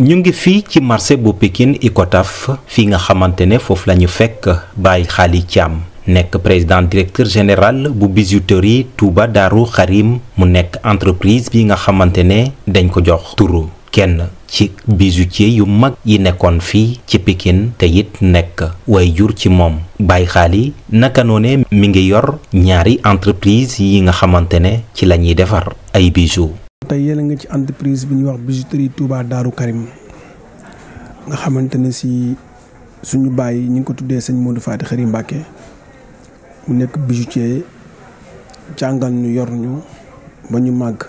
ñu ngi fii ci marché bu Pikine Icotaf fi nga xamante ne foofu la ñu fekk Baye Khali Thiam nekk président directeur général bu bijouterie Touba Darou Karim mu nekk entreprise bi nga xamante ne dañ ko jox turu kenn ci bijoutier yu mag yi nekkoon fii ci Pikine te it nekk way jur ci moom Baye Khali naka noone mi ngi yor ñaari entreprise yi nga xamante ne ci la ñuy defar ay bijoux tey yéen a nga ci entreprise bi ñuy wax bijouterie Touba Daaru Karim nga xamante ne si suñu bàyyi ñu ngi ko tuddee sëñ Modou Fati Xëri Mbàkke mu nekk bijoutier jàngal ñu yor ñu ba ñu màgg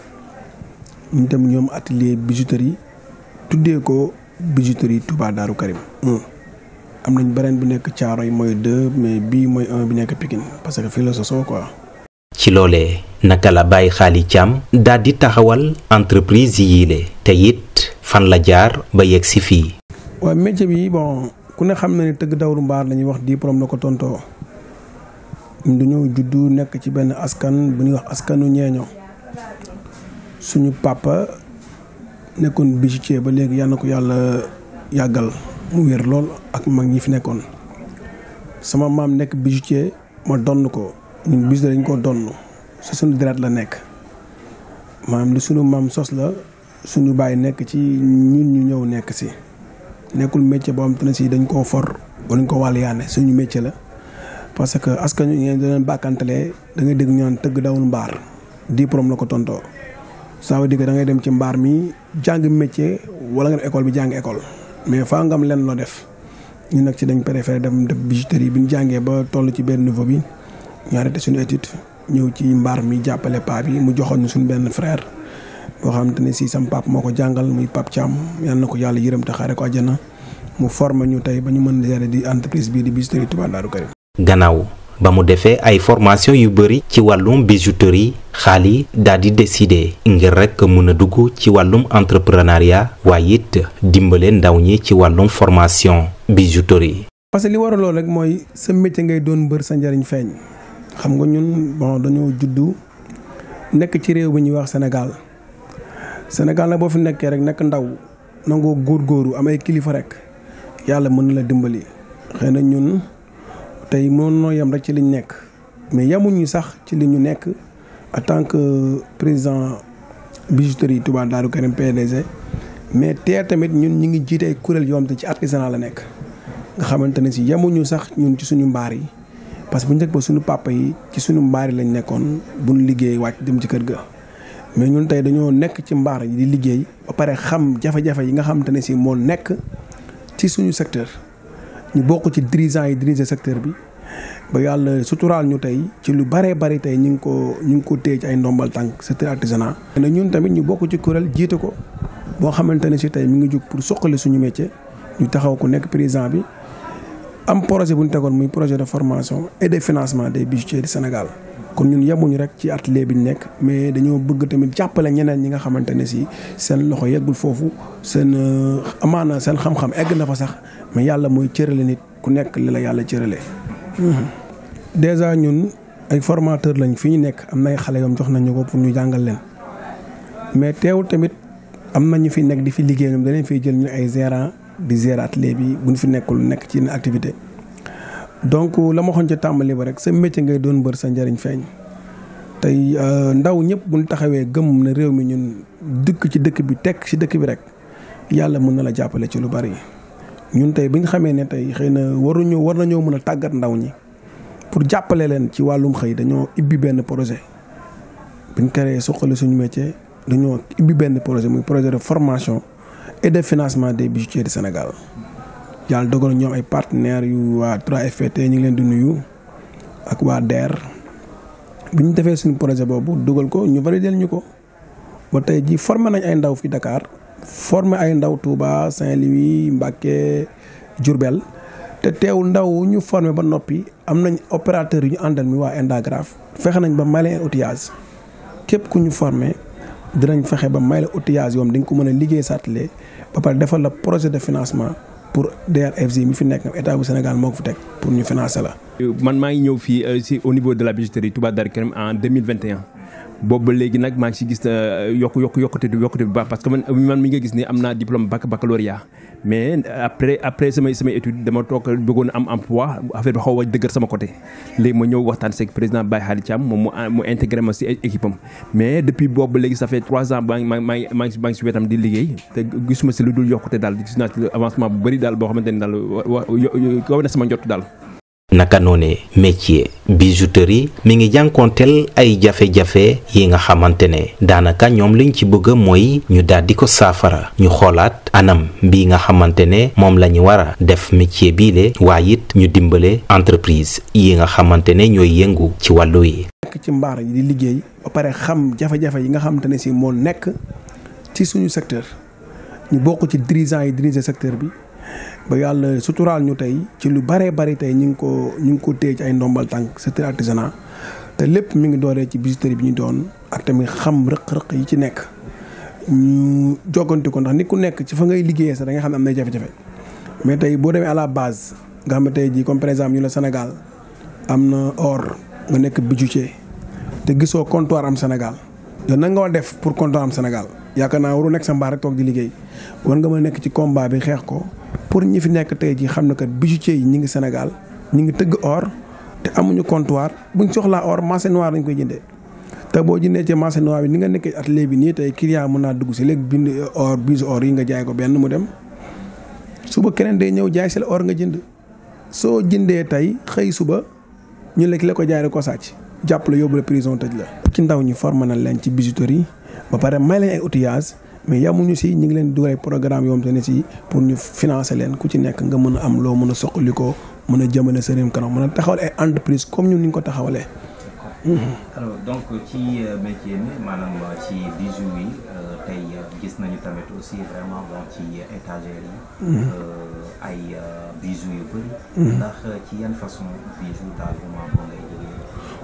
ñu tam ñoom atelier bijouterie tuddee ko bijouterie Touba Daaru Karim am nañ beneen bu nekk caaro yi mooy deux mais bii mooy un bi nekk Pikine parce que fii la sosoo quoi ci loolee naka la bàyyi xaali càmm daal di taxawal entreprise yii le te it fan la jaar ba yegg si fii. waaw métier bi bon ku ne xam na ne tëgg dawru mbaar la ñuy wax diplôme na ko tontoo du dañoo juddu nekk ci benn askan bu ñuy wax askanu ñeeño suñu papa nekkoon bijoutier ba léegi yan na ko yàlla yàggal mu wér lool ak mag ñi fi nekkoon sama maam nekk bijoutier ma donn ko. ñun bis dañ ko donn si suñu deret la nekk maanaam lu suñu maam sos la suñu bàyyi nekk ci ñun ñu ñëw nekk si nekkul métier boo xam te si dañ koo for wala ñu ko wàll yaane suñu métier la parce que askan wi ngeen doon bàkkantalee da ngay dégg tëgg dawul mbaar diplôme la ko tontoo ça veut dire da ngay dem ci mbaar mi jàng métier wala nga dem école bi jàng école mais faa ngam am lenn loo def ñu nag ci dañ préféré dem def bijouterie bi ñu jàngee ba toll ci benn niveau bi. ñu arrêté suñu étude ñëw ci mbaar mi jàppale paa bi mu joxoon xam te ne si sam pap moo ko jàngal muy pap Thiam yal na ko yàlla yërëm te xaare ko àjjana mu formé ñu tey ba ñu mën gérer di entreprise bii di bijouterie Touba gannaaw ba mu defee ay formation yu bëri ci wàllum bijouterie xaali daal di décidé ngir rek mën a dugg ci wàllum entrepreneuriat waaye it dimbale ndaw ñi ci wàllum formation bijouterie parce que li war a mooy sa métier ngay doon mbër sa njariñ feeñ xam nga ñun bon dañoo juddu nekk ci réew bi ñuy wax Sénégal Sénégal nag boo fi nekkee rek nekk ndaw nangoo góorgóoru am ay kilifa rek yàlla mën na la dimbali. xëy na ñun tey mënoon noo yem rek ci liñ nekk mais yemuñu sax ci li ñu nekk en tant que président bijouterie Touba Darou Karim PDG. mais teer tamit ñun ñu ngi jiit ay kuréel yoo xam te ci artisanat la nekk nga xamante ne si yemuñu sax ñun ci suñu mbaar yi. parce que bu njëkk ba suñu papa yi ci suñu mbaar yi lañ nekkoon buñ liggéey wàcc dem ci kër ga. mais ñun tey dañoo nekk ci mbaar yi di liggéey ba pare xam jafe-jafe yi nga xam te ne si moo nekk ci suñu secteur ñu bokk ci dirigeants yi diriger secteur bi. ba yàlla suturaal ñu tey ci lu baree bari tey ñu ngi ko ñu ngi ko téye ci ay ndombal tànk secteur artisanat. na ñun tamit ñu bokk ci kuréel jiite ko boo xamante ne si tey mi ngi jóg pour suqali suñu métier ñu taxaw ku nekk président bi. am projet bu ñu tegoon muy projet de formation et de financement des bijoutiers du Sénégal kon ñun yemuñu rek ci atelier bi ñu nekk mais dañoo bëgg tamit jàppale ñeneen ñi nga xamante ne si seen loxo yeggul foofu seen euh, amaana seen xam-xam egg na fa sax mais yàlla mooy cërale nit ku nekk li la yàlla cërale. Mm-hmm. dèjà ñun ay formateur lañ fi ñu nekk am na xale yoom jox nañu ko pour ñu jàngal leen mais teewul tamit am na ñu fi nekk di fi liggéey ñoom danañ fiy jël ay gérant di géraat bi bu ñu fi nekkul nekk ci une activité. donc la ma xoon ca tàmbali ba rek sa métier ngay doon mbër sa njariñ feeñ tey euh, ndaw ñëpp bu ñu taxawee gëm na réew mi ñun dëkk ci dëkk bi tekk ci dëkk bi rek yàlla mën na la jàppale ci lu bari. ñun tey bi ñu xamee ne tey xëy na waruñu war nañoo mën a tàggat ndaw ñi pour jàppale leen ci wàllum xëy dañoo ibbi benn projet bi ñu créé suqali suñu métier dañoo ibbi benn projet muy projet de formation. et de financement des bijoutiers du Sénégal yàlla dogal ñoom ay partenaires yu waa 3FPT ñu ngi leen di nuyu ak waa DER bi ñu defee suñu projet boobu dugal ko ñu validé ñu ko ba tey jii formé nañ ay ndaw fii Dakar formé ay ndaw tuuba Saint-Louis Mbacké jurbel te teewul ndaw ñu formé ba noppi am nañ opérateur yu ñu àndal mi waa Indagraph fexe nañ ba may leen képp ku ñu formé dinañ fexe ba may la outillage yoom di nga ko mën a liggéey sàttalee ba pare defal la projet de financement pour DRFG mi fi nekk état bu Sénégal moo ko fi teg pour ñu financer la. man maa ngi ñëw fii euh, si au niveau de la bijouterie Touba Darou Karim en boobu ba léegi nag maa ngi si gis euh, yokku yokku yokkute yokkute bu baax parce que man man mi nga gis ni am naa diplôme bac baccalauréat mais euh, après après samay samay étude dama toog bëggoon am emploi affaire bi xaw a dëgër sama côté léegi ma ñëw waxtaan seeg président Baye Khady Thiam moom ah, mu intégré ma si e, mais depuis boobu ba léegi ça fait trois ans maa ngi maa di liggéey te gisuma si lu dul yokkute daal gis naa si avancement bu bëri daal boo xamante ne daal kaw na sama njott daal naka noone métier bijouterie mi ngi jànkoonteel ay jafe-jafe yi nga xamante ne daanaka ñoom liñ ci bëgg mooy ñu daal di ko saafara ñu xoolaat anam bi nga xamante ne moom la ñu war a def métier bii le waaye it ñu dimbale entreprise yi nga xamante ne ñooy yëngu ci wàllu yi. nekk ci mbaar yi di liggéey ba pare xam jafe-jafe yi nga xamante ne si moo nekk ci suñu secteur ñu bokk ci dirigeant yi diriger secteur bi. ba yàlla suturaal ñu tey ci lu baree bari tey ñu ngi ko ñu ngi ko téye ci ay ndombal tànk secteur artisanat te lépp mu ngi dooree ci visiteurs bi ñu doon ak tamit xam rëq-rëq yi ci nekk ñu jogante ko ndax nit ku nekk ci fa ngay liggéeyee sax da nga xam ne am na jafe-jafe mais tey boo demee à base nga xam ne tey jii comme par exemple ñu am na or nga nekk bijoutier te gisoo comptoir am Sénégal yow nan nga war def pour comptoir am Sénégal yaakaar naa waru nekk sa mbaar rek toog di liggéey war nga mën nekk ci combat bi xeex ko pour ñi fi nekk tey ji xam ne kat bijoutier yi ñu ngi Sénégal ñi ngi tëgg or te amuñu comptoir buñ soxlaa or marché noir lañ koy jëndee. te boo jëndee ci marché noir bi ni nga nekkee atelier bi nii tey client mën naa dugg si léegi bind or bise or yi nga jaay ko benn mu dem suba keneen day ñëw jaay si la or nga jënd soo jëndee tey xëy suba ñu lekk la ko jaay rek ko sàcc jàpp la yóbbu prison tëj la. ci ndaw ñi formé na leen ci bijouterie ba pare may leen mais yamuñu si ñu ngi leen dugal programme yoo xam ne si pour ñu financer leen ku ci nekk nga mën a am loo mën a soqali ko mën a jëmale sa réew kanam mën a taxawal ay entreprise comme ñun ni ñu ko taxawalee. alors donc ci euh, euh, ci bijoux yi tey gis façon bijoux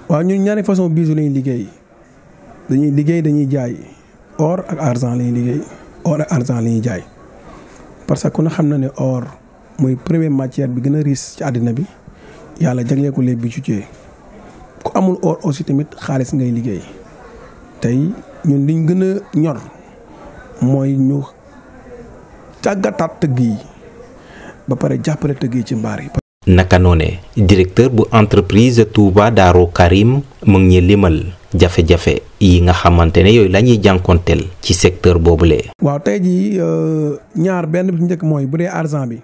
waaw ñun ñaari façon bijoux lañuy liggéey dañuy liggéey dañuy jaay. or ak argent la liggéey or ak ñuy jaay parce que ku xam na ne or muy première matière bi gën a riche ci àddina bi yàlla jagleel ko les bijoutiers ku amul or aussi tamit xaalis ngay liggéey tey ñun liñ gën a ñor mooy ñu càggataat tëgg yi ba pare jàppale tëgg yi ci mbaar yi. naka noone directeur bu entreprise Touba Darou Karim mu ngi limal. jafe-jafe yi nga xamante ne yooyu la ñuy jànkonteel ci secteur lee waaw tey jii euh, ñaar benn bi ci njëkk mooy bu dee argent bi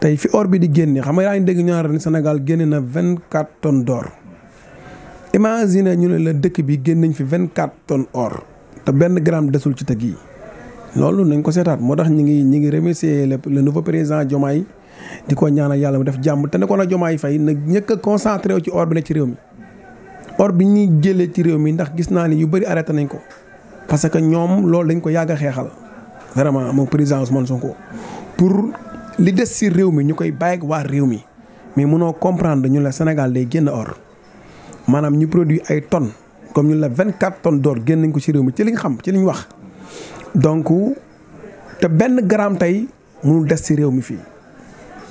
tey fi or bi di génne xam nga yaa ngi dégg ñaar ni senegal génne na vingt quatre tonnes d'or imagine ñu ne dëkk bi génn nañ fi vingt quatre tonnes or te benn gramme desul ci tëgg yi loolu nañ ko seetaat moo tax ñu ngi ñu ngi remercier le nouveau président Diomaye di ko ñaanal yàlla mu def jàmm te ne ko na Diomaye Faye na ñëkk a concentré ci or bi ne ci réew mi. or bi ñuy jëlee ci réew mi ndax gis naa ni ñu bëri arrêté nañ ko parce que ñoom loolu dañ ko yàgg a xeexal vraiment moom président Ousmane Sonko pour li des si réew mi ñu koy bàyyi waa réew mi mais munoo comprendre ñu la Sénégal day génn or maanaam ñu produit ay tonnes comme ñu la vingt quatre tonnes d'or génn nañ ko si réew mi ci liñ xam ci liñ wax donc te benn gramme tey mënul des si réew mi fii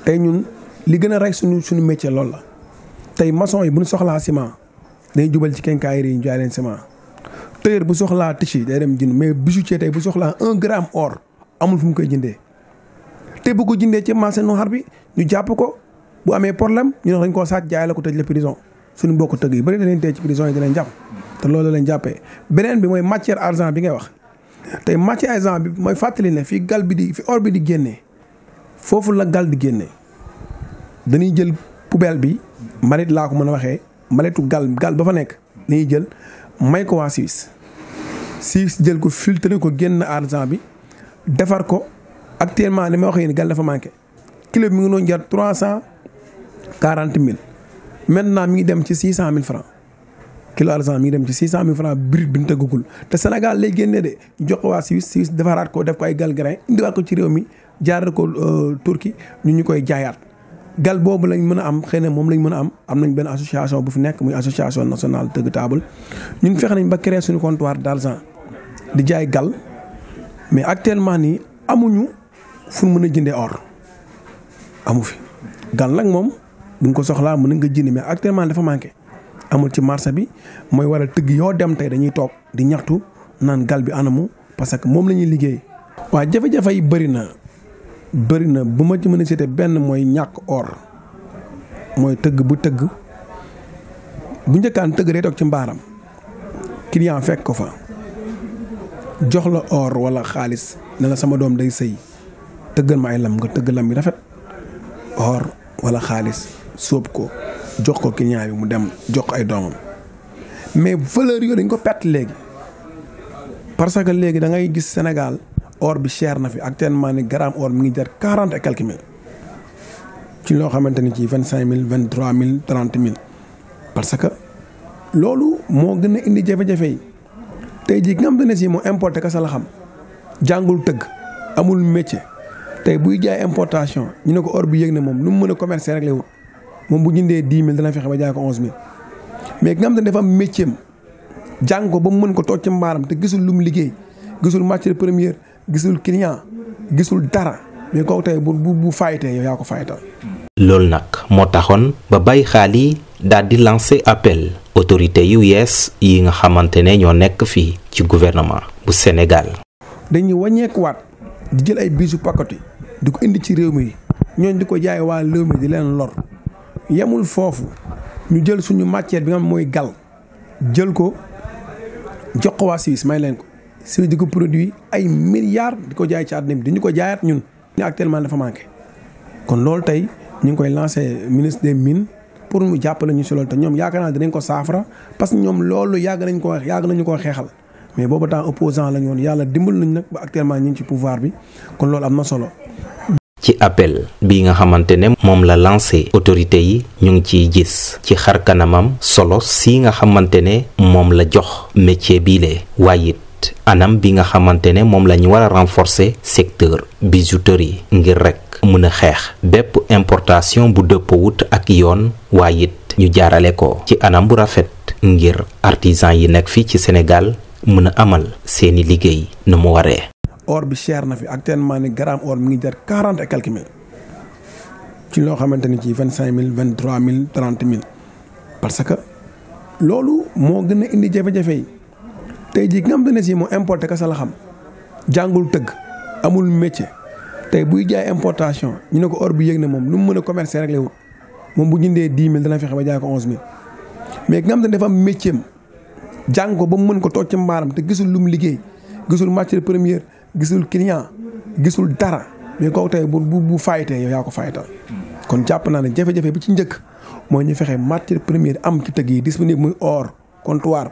tey ñun li gën a rey suñu suñu métier loolu la tey mason yi bu soxlaa ciment. day jubal ci kenkaayir yi ñu jaay leen ciment bu soxlaa tissu day dem jënd mais bijoutier tey bu soxlaa un gramme or amul fu mu koy jëndee. te bu ko jëndee ci marché noir bi ñu jàpp ko bu amee problème ñu ne dañ koo sàcc jaay la ko tëj la prison suñu mbokku tëgg yi bëri na leen tey ci prison yi dinañ jàpp te loolu lañ jàppee beneen bi mooy matière argent bi ngay wax. tey matier argent bi mooy fàttali ne fii gal bi di fi or bi di génnee foofu la gal di génnee dañuy jël bi manit laa ko mën a waxee. maletu gaal gaal ba fa nekk dañuy jël may ko waa Suisse Suisse jël ko filtré ko génn argent bi defar ko actuellement li ma wax yéen gaal dafa manqué kilo bi mi ngi doon jar trois cent quarante mille maintenant mi ngi dem ci six cent mille francs kilo argent mi ngi dem ci six cent mil francs brut bi ñu tëggagul te Sénégal lay génnee de jox ko waa Suisse Suisse defaraat ko def ko ay gaal grain indiwaat ko ci réew mi jaar ko euh, Turquie ñu ñu koy jaayaat. gal boobu lañ mën a am xëy na moom lañ mën a am am nañ benn association bu fi nekk muy association nationale tëgg table ñun fexe nañ ba créer suñu comptoir d'argent di jaay gal mais actuellement nii amuñu fu mën a jëndee or amu fi gal nag moom buñ ko soxlaa mën nga jënd mais actuellement dafa manqué. amul ci marché bi mooy waral tëgg yoo dem tey dañuy toog di ñaxtu naan gal bi anamu parce que moom la ñuy liggéey. waa jafe-jafe yi bëri na bëri na bu ma ci mën a cité benn mooy ñàkk or mooy tëgg bu tëgg bu njëkkaan tëgg day toog ci mbaaram client fekk ko fa jox la or wala xaalis ne la sama doom day sëy tëggal ma ay lam nga tëgg lam bi rafet or wala xaalis soob ko jox ko client yi mu dem jox ko ay doomam mais valeur yooyu dañ ko perte léegi parce que léegi da ngay gis Sénégal. or bi cher na fi actuellement ni gramme or mi ngi jar quarante et quelques ci loo xamante ni ci vingt cinq mille vingt trois mille trente parce que loolu moo gën a indi jafe-jafe yi tey jii ki nga xamante ne si moo importé kasa la xam jàngul tëgg amul métier te buy jaay importation ñu ne ko or bi yëg na moom lu mu mën a commercer rek lay moom bu jëndee dix mille dana fexe ba jaay ko onze mille mais ngam nga xamante ne dafa am métier am jàng ko ba mu mën ko toog ci mbaaram te gisul lu mu liggéey gisul matière première. gisul client gisul dara mais kooku tey bu bu bu faytee yaa ko faytal. loolu nag moo taxoon ba bàyyi xaali yi daal di lancer appel autorité yu yees yi nga xamante ne ñoo nekk fii ci gouvernement bu Sénégal. dañuy wàññeekuwaat di jël ay bisu pakatu di ko indi ci réew mi ñooñ di ko jaay waa réew mi di leen lor yemul foofu ñu jël suñu matière bi nga mooy gal jël ko jox ko waa Suisse may leen ko. si di ko produit ay milliards di ko jaay ci àdduna bi di ñu ko jaayaat ñun. ñu actuellement dafa manqué kon loolu tey ñu ngi koy lancé ministre des mines pour mu jàpp lañu si loolu te ñoom yaakaar naa dinañ ko saafara parce que ñoom loolu yàgg nañ ko yàgg nañu koo xeexal. mais boobu temps opposant lañu woon yàlla dimbal nañ nag ba actuellement ñu ngi ci pouvoir bi kon loolu am na solo. ci appel bi nga xamante ne moom la lancé autorité yi ñu ngi ciy gis ci xar kanamam solo si nga xamante ne moom la jox métier bii le waaye it anam bi nga xamante ne moom la ñu war a renforcer secteur bijouterie ngir rek mën a xeex bépp importation bu wut ak yoon waaye it ñu jaarale ko ci anam bu rafet ngir artisan yi nekk fii ci Sénégal mën a amal seeni liggéey nu mu waree. or bi cher na fi actuellement ni gramme or ngi jar quarante et ci loo xamante ni ci vingt cinq mille vingt trois mille trente mille parce que loolu moo gën indi jafe-jafe yi. tey jii ki nga xamante ne si moo importé sa la xam jàngul tëgg amul métier tey buy jaay importation ñu ne ko or bu yéeg na moom lu mu mën a commercer rek lay wut moom bu jëndee dix mille dana fexe ba jaay ko onze mille mais ngam nga ne dafa am métier jàng ko ba mu mën ko toog ci mbaaram te gisul lu mu liggéey gisul matière première gisul client gisul dara mais kooku tey bu bu bu faytee yow yaa ko faytal kon jàpp naa ne jafe-jafe bi ci njëkk mooy ñu fexe matière première am ci tëgg yi disponible muy or comptoir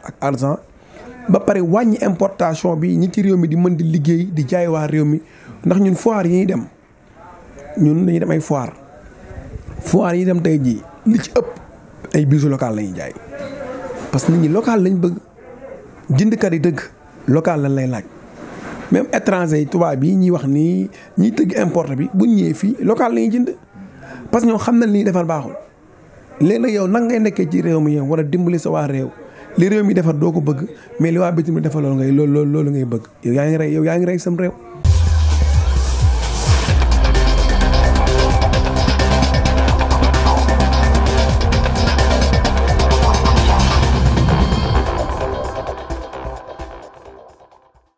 ba pare wàññi importation bi ñu ci réew mi di mën di liggéey di jaay waa réew mi ndax ñun foire yi ñuy dem ñun dañuy dem ay foire foire yi dem tey jii li ci ëpp ay bijoux local la ñuy jaay parce que nit ñi local lañ bëgg jëndkat yi dëgg local lañ lay laaj même étranger yi tubaab yi ñuy wax nii ñuy tëgg importe bi bu ñëwee fii local la ñuy jënd parce que ñoo xam nañ li ñuy defar baaxul léegi nag yow nan ngay nekkee ci réew mi yow war a dimbali sa waa réew. li réew mi defar doo ko bëgg mais li waa bitim defar loolu ngay loolu loolu ngay bëgg yaa ngi rey yaa ngi rey sam réew